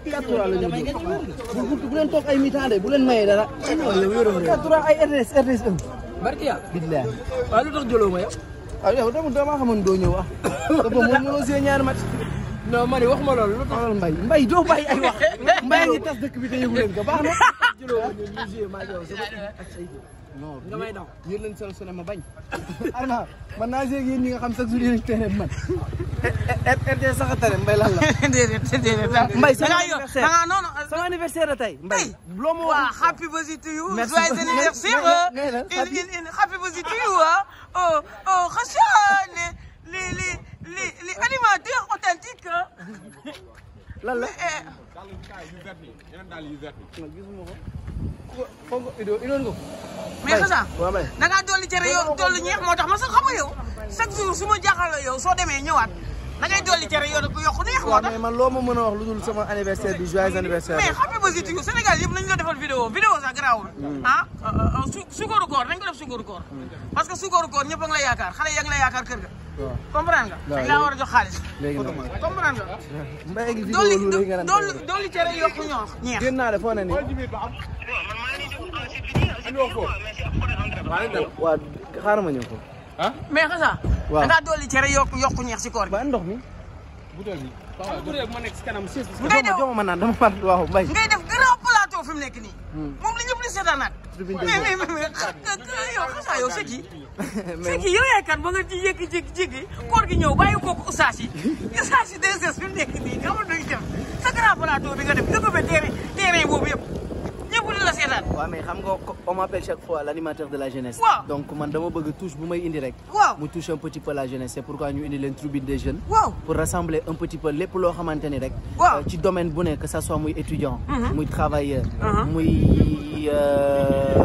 quatre trois la ñuy jóg bu leen toog ay mitaande bu maye dara. quatre ay RTS RTS barkiya. billahi. waaw lu tax jëloo ma yow. waaw ah, yow dama dama doo ñëw ah. te boobu ma ne wax ma loolu lu tax mbay mbay doo bàyyi ay wax mbay ngi tas dëkk bi te yëgu leen ko baax na. jëloo non nga may daw yéen lañ sélectionné ma bañ. Arma man naa seeg yéen ñi nga xam sax su yéen terrain man. RTS sax a tere mbay lan la. déedéet déedéet mbay sama anniversaire anniversaire la tey. mbay loo ma wax waaw happy birthday to you. merci joyeux a in in happy birthday to you ah. oh, oh foog idoon ko. mais xanaa da ngaa dolli cere yow dolli ñeex moo tax ma sax xam nga yow chaque jour su ma jaaxaloo yow soo demee ñëwaat. da ngay dolli cere yoon ku yokku neex moo tax loo ma mën wax lu dul sama anniversaire bi joyeux anniversaire mais happy birthday to you Sénégal yëpp nañu ko defal vidéo vidéo sax garaawul ah su sukaru koor nañ ko def sukaru koor parce que sukaru koor a ngi lay yaakaar xale yaa ngi lay yaakaar kër ga comprendre nga dañ laa war a jox xaalis comprendre nga dolli dolli dolli cere yokku ñoox ñeex gën naa de foo ne nii ko ah mais xanaa. waaw da ngaa dolli cere yokku yokku ñeex si koor gi. ba ndox mi. butéel bi waaw butéel bi ma nekk si ngay def dama naan dama fàttali mu nekk nii. Hmm. moom la ñëpp di seetaanaat. mais mais mais xanaa yow sëñ yi. ba nga ci jékki-jékki koor gi ñëw bàyyi ko ko ustaas yi ustaas yi des des fi mu nekk nii xamal sa grand plateau bi nga def nga ko ba terrain terrain boobu yëpp. mais xam nga on m'appelle chaque fois l'animateur de la jeunesse. donc man dama bëgg touche bu may indi rek. touche un petit peu la jeunesse c'est pourquoi ñu indi len tribune des jeunes. pour rassembler un petit peu lépp lo xamanteni ni rek. waaw euh, ci domaine bu ne que ça soit muy étudiant. Mhm. muy travailleur. Mhm. muy. Euh,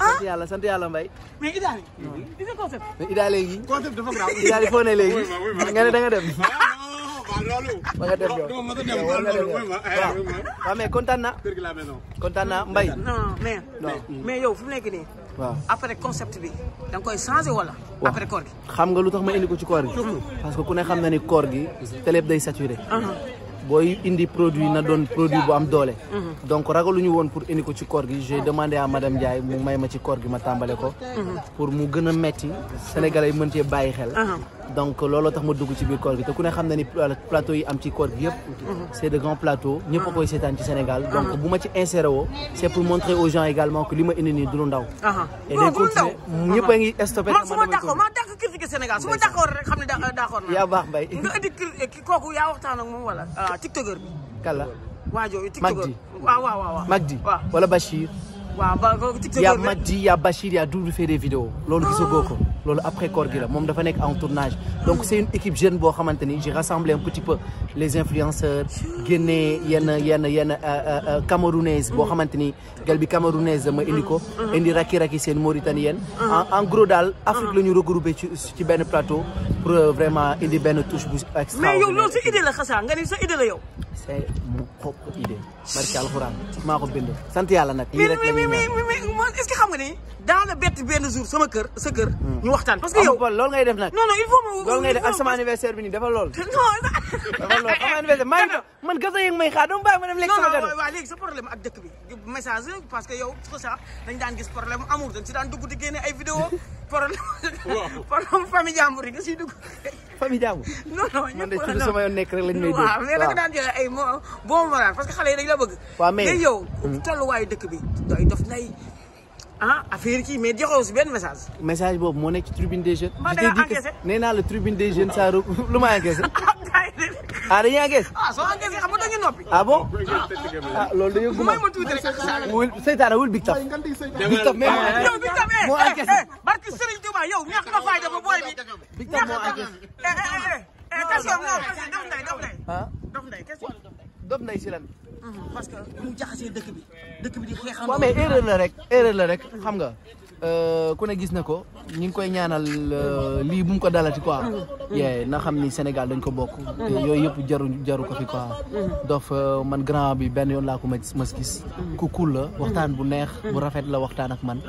Ah? sant yàlla sant yàlla Mbaye. mais Idda léegi. gis nga concept. mais Idda léegi. concept dafa grave. ne léegi. nga ne da ah, nga dem. Eh, waaw loolu. yow na. kër gi kontaan na Mbaye. non mais. mais yow fu mu nekk nii. waaw après concept bi da nga koy changé wala. après koor gi. xam nga lu tax ma indi ko ci koor gi. parce que ku ne xam na ni koor gi. te day saturé. Uh-huh. boy indi produit na doon produit bu am doole. Mhm. donc ragaluñu won pour indi ci koor gi j'ai demandé à madame Ndiaye mu may ma ci koor gi ma tambalé ko. Mhm. pour mu gëna metti Sénégalais yi mën cee xel. Mhm. donc lolo tax ma dugg ci biir koor gi te ku ne xam na ni plateau yi am ci koor gi yëpp. c' de grands plateaux ñepp koy sétane ci Sénégal. donc bu ma ci inséré woo. c' pour montrer aux gens également que li ma indi ni du lu ndaw. et day continuer ñëpp a ngi ma Sénégal su ma d'accord rek xam ne yaa baax Mbaye eh, ki kooku yaa waxtaan ak moom wala. ah tiktokeur bi. kala waa jooju wala Bachir. waaw ba TikTok yaa Madji yaa Bachir yaa Doudou fait des vidéos loolu gisagoo ko loolu après koor gi la moom dafa nekk en tournage donc c'est une équipe jeune boo xamante ni j'ai rassemblé un petit peu les influenceurs génnee yenn yenn yenn euh, euh, euh, camerounaise boo xamante ni gel bi camerounaise ma indi ko indi raki raki seen mauritanienne en gros daal Afrique la ñu regroupé ci ci benn plateau pour vraiment indi benn touche bu mais yow loolu sa idée la xasaa nga ni sa idée la yow propre idée barke alxuraan maa ko bind sant yàlla nag lii rek la ñuy ñaan nga ni dans le bett benn jour sama kër sa kër. Hmm. ñu waxtaan parce que yow loolu ngay def nag. non non il faut ma loolu ngay def ak sama anniversaire bi nii dafa lool. non dafa lool sama anniversaire maa ngi man gasa yeeg may xaar dama bàyyi ma dem lekk sama gâteau. non non waaw léegi sa problème ak dëkk bi message parce que yow tout ça dañ daan gis problème amour dañ si daan dugg di génne ay vidéo problème problème famille jàmbur yi nga siy dugg. famille jàmbur. non non ñëpp man de ci sama yoon nekk rek lañ may dégg. waaw mais danga daan jël ay bon moral parce que xale yi dañ la bëgg. waaw mais yow hmm. tolluwaayu dëkk bi doy dof nay ah affaire kii mais joxewu si benn message. message boobu moo nekk ci tribune des jeunes. ma danga encaissé nee naa la tribune des jeunes saa lu ma encaissé. ah dañuy encaissé. ah soo encaissé xam nga dañuy noppi. ah bon ah loolu dañoo guma. ma tuuti rek wul seytaane wul Big Taf. Big Taf mais moo encaissé. barke Serigne Touba yow ñàkk nga fay dafa booy bi. Big Taf moo encaissé. question question daf nday daf nday. ah daf nday question. daf nday si lan. parce que ñu jaxasee dëkk bi dëkk bi di xeexandoo. waaw mais erreur la rek erreur la rek xam nga. Euh, ku ne gis na ko ñu ngi koy ñaanal euh, li bu mu ko dalati quoi mm-hmm. ye na xam ni Sénégal dañ ko bokk mm-hmm. yoy yep jaru jaru ko fi quoi mm-hmm. dof euh, man grand bi ben yon la ko ma gis ku cool la waxtaan bu neex bu rafet la waxtaan ak man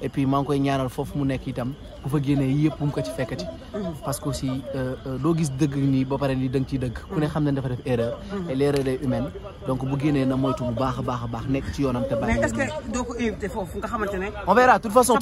et puis maa ngi koy ñaanal foofu mu nekk itam bu fa gene yep bu mu ko ci fekkati parce que aussi do gis deug ni ba pare ni dang ci deug ku ne xam ne dafa def erreur et l'erreur est humaine donc bu gene na moytu bu baax a baax nekk ci yonam te bàyyi mais est-ce que doo ko invité foofu nga xamantene on verra de toute façon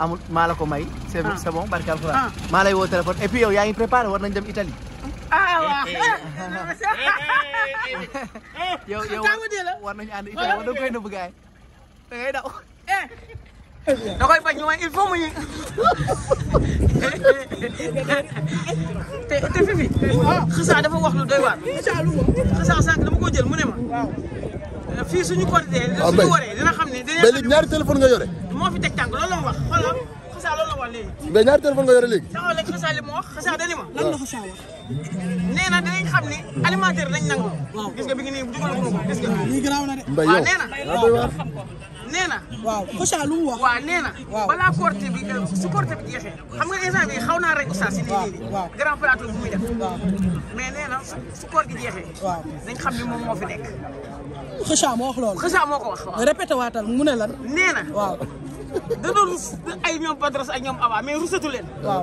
amul maa la ko may. Ah. c'est bon c'est bon barke alxuraan. Ah. woo téléphone et puis yaa ngi préparé war nañ dem Italie. ah waaw. Eh, eh, eh. yow yow war nañu ànd Italie war nañu koy nëbb gaay da ngay daw. da koy bañ mooy il faut mu ñu. te te fi ko jël mu ne ma. fii suñu côté. Ah, suñu waree ñaari téléphone nga yore. moo fi teg tànk loolu la wax xoolal xasaa loolu la wax léegi. mais ñaari téléphone nga yore léegi. taxaw léegi xasaa li mu wax xasaa dali ma. lan la xasaa wax. nee na dinañ xam ne alimentaire lañ nangu. waaw gis nga bi ngi nii dugal ko gis nga. lii garaaw na de. mbay yow waaw nee na. waaw xasaa lu mu wax. waaw nee na. waaw balaa corté bi euh, su corté bi jeexee. xam nga instant bi xaw naa rek oustaz si nii nii. waaw grand plateau bu muy def. mais nee na su koor gi jeexee. waaw dañ xam ne moom moo fi nekk. xëcaa moo wax loolu. xëcaa moo ko waatal mu ne lan. nee na waaw. da rus ay ñoom Padros ak ñoom Awa mais rusatu leen. waaw.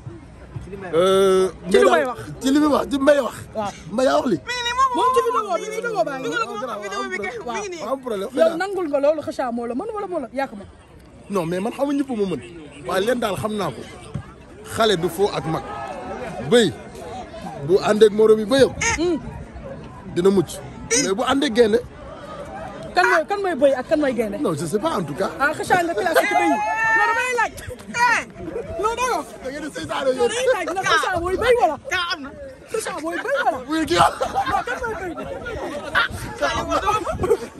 ci li wax ci li may wax ci mbay wax. waaw mbay wax li. moom ci vidéo bi vidéo baa ngi yow nangul nga loolu xëcaa moo la wala moo la yàq ma non man xamuñ ñëpp ma mën leen daal xam naa ko xale du foo ak mag bëy bu àndeeg morom yi bëyam dina mucc mais bu àndeeg gaynde kan mooy kan mooy bëy ak kan mooy gaynde non je sais pas en tout cas. ah xëcc nga classé ci bëy non eh! dama lay laaj. non non non. da ngeen di seetaan yow. non day laaj nag xëcc mooy bëy wala. kaa am na. xëcc mooy bëy wala. wuyu kii am. non kan mooy bëy. ah xale bu ndaw.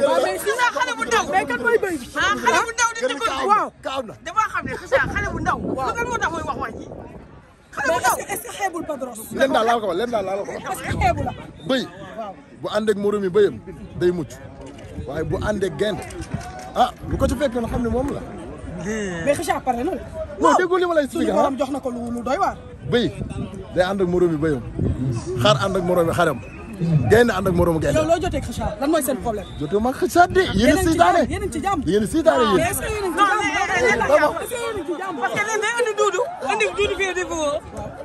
waaw mais si sa xale bu ndaw. mais kan mooy bëy bi. ah xale bu ndaw di dugg. waaw kaa am na. damaa xam ne xëcc xale bu ndaw. waaw lan moo tax muy wax wax ji. xale bu ndaw est-ce que xeebul Padros. leen daal laal ko wax leen daal laal ko wax. est-ce que xeebul la. bëy bu ànd ak moromi bëyam day mucc waye bu andé gent ah bu ko ci fekk na xamni mom la. be xisha pare na. mo déggul li ma lay expliqué ah jox na lu doy war bëy day ànd ak bi bëyam xar ànd ak bi xaram. génn ànd ak moroomu génn. lo loo xisha lan moy sen problème. jotee ma xisha de yene ci siitaane yene ci jam yene ci siitaane yene ci jam parce que dañ lay indi duudu indi duudu fi defo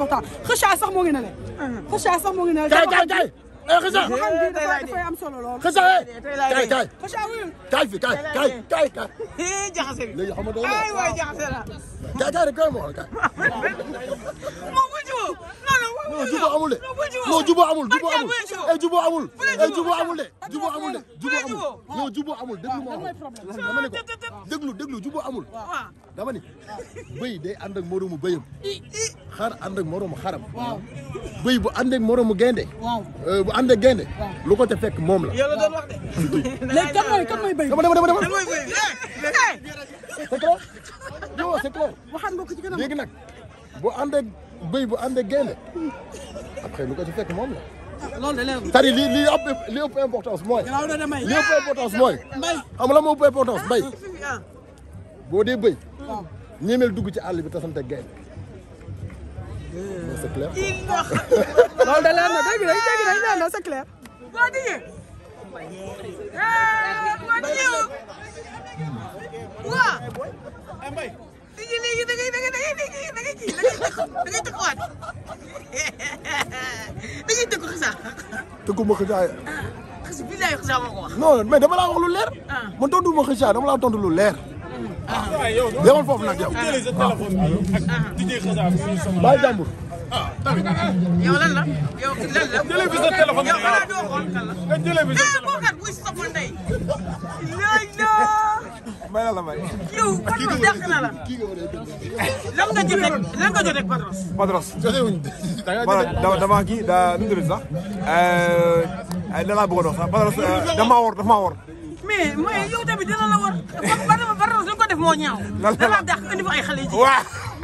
important xëcca sax moo ngi ne le xëcca sax moo ngi ne le tay tay xëcca dafay am solo lool xëcca tay tay xëcca wuyul tay fi tay tay tay tay jaxase bi léegi xam nga ay waay jaxase la tay tay rek kay moo kay moo bu jiw non non non jubo amul de non jubo amul jubo amul eh jubo amul eh jubo amul de jubo amul de jubo amul non jubo amul déglu ma wax dama ne ko déglu déglu jubo amul ah. dama ni bëy day ànd ak moroomu bëyam xar ànd ak moroomu xaram bëy bu ànd ak moroomu gaynde eh, bu ànd ak gaynde lu ko te fekk moom la yàlla doon wax de léegi kan mooy kan mooy bëy dama dama dama dama c'est clair yow c'est clair waxaan nga ko ci kanam léegi nag bu ànd ak bëy bu ànd ak après lu tu ci fekk moom moi. cest li li moi li importance moi. importance la clair. C'est importance ah, ah. dugg ci bi eh. c'est clair. c'est clair. ngay kii da ngay tëkku da ngay tëkkuwaat da ngay tëkku xasaa. tëkku ma xasaa ya. Ah, xas billaay xasaa moo ko wax. non mais dama laa wax lu leer. Ah. man tontu ma xasaa dama laa tontu lu leer. Ah. waaw yow yow foofu nag yow. bàyyi jàmbur. yow lan la yow lan la jëlee bi sa téléphone yow balaa doo xool kan la. jëlee bi sa téléphone eh boo kat buy soppal ndey. may la may. yow Padros dàq na la. lan nga jot rek lan nga jot rek Padros. Padros. damaa kii daa nu mu tudd sax. Euh, euh, da laa bëggoon wax sax Padros euh, damaa war damaa war. mais mooy yow tamit dina la war. Padros li nga ko def moo ñaaw. lan la dàq indi fa ay xale ji.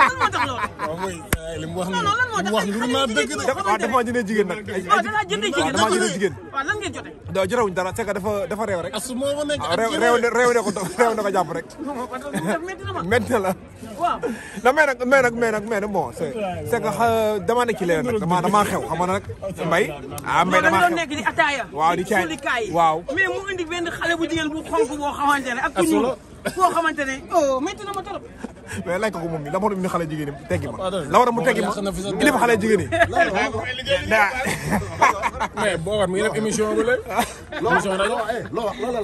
lan moo tax loolu. waaw mooy li mu wax nii li mu wax nii ma dëgg la. waaw dafa jëndee jigéen nag. waaw dafa jëndee jigéen dafa jëndee jigéen. waaw lan ngeen jotee. doo jotewuñ dara c'est que dafa dafa réew rek. asu moo ma nekk ak réew réew ne ko réew ne ko jàpp rek. métti na la. waaw non mais nag mais nag mais nag mais nag bon c'est c'est que dama nekk ci leen nag dama dama xew xam nga nag mbay. ah mbay dama xew nekk di ataaya. waaw di caay waaw. mais mu indi benn xale bu jigéen bu xonk boo xamante ne ak ku ñuul boo xamante ne oh métti na ma trop mais lay ko ko moom mi la ma war a indi xale jigéen ñi teggi ma la war a mu teggi ma indi ma xale jigéen ñi mais boogar mi ngi def émission bu lay émission rajo loo wax la la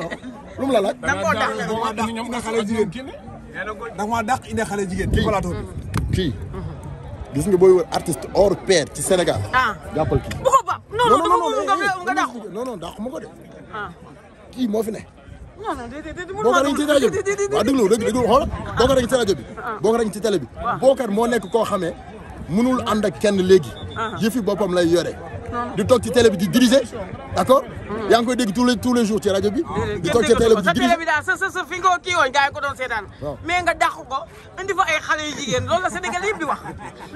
lu mu la laaj da moo dàq da moo dàq indi xale jigéen da moo dàq indi xale jigéen ci plateau bi kii gis nga booy wër artiste hors pair ci Sénégal jàppal kii bu ko ba non non non non non non dàq ma ko de kii moo fi ne non non déedéet mu bokar a ngi ci rajo bi waaw ah. déglu dégg déglu xoolal bokar a ngi ci rajo bi bokar a ngi ci télé bi bokar moo nekk koo xamee mënul ànd ak kenn léegi ah. yëfi boppam lay yore di toog ci télé bi di diriger d'accord hmm. yaa ko koy dégg tous les tous ci rajo bi di toog ci télé bi di diriger daal sa sa sa fi nga kii woon gars ko doon seetaan mais nga dàq ko indi fa ay xale yu jigéen loolu la sénégalais yëpp di wax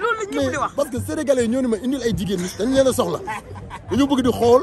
loolu la ñëpp di wax parce que sénégalais ma indil ay jigéen ñi dañ leen a soxla dañu bëgg di xool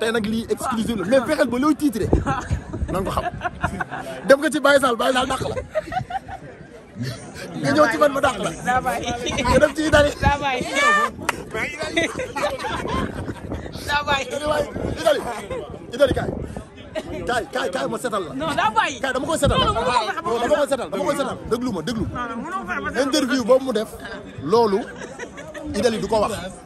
tey nag lii exclusive la mais fexeel ba looy tiitre na nga ko xam dem nga ci Baye Sall Baye Sall dàq la nga ñëw ci man ma dàq la nga dem ci Italie Italie ma setal la. non dama koy setal. dama koy setal dama koy interview boobu mu def. loolu Italie du ko wax.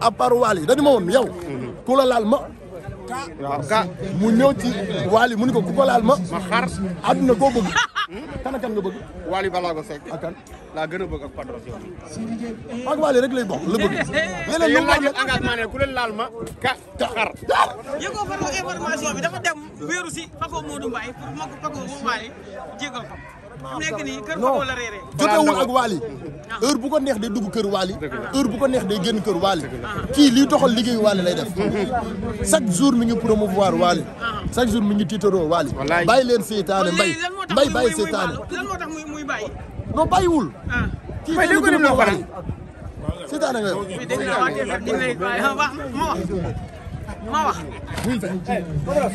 à part Wally dañu ma woon yow. ku la laal ma. ka mu ñëw ci mu ni ko ku ko laal ma. ma xaar àdduna koo bëgg. kan ak kan nga bëgg. Wally Ballago Seck. ak laa gën bëgg ak Padros yow. ak Wally rek lay bokk la bëgg. leneen lu ma. ka xar. yëgoo fa information dafa dem wéeru si Fako Modou Mbaye pour ma ko Fako Modou Mbaye jégal ko. nekk nii kër Papa la réeree. ak Wally heure bu ko neex day dugg kër Wally heure bu ko neex day génn kër Wally kii liy doxal liggéeyu Wally lay def chaque jour mi ngi promouvoir Wally chaque jour mi ngi tiitaroo Wally bàyyi leen seytaane mbay mbay bàyyi seytaane lan moo tax muy muy bàyyi non bàyyiwul ah. kii fay dégg na Wally seytaane nga ma wax ma wax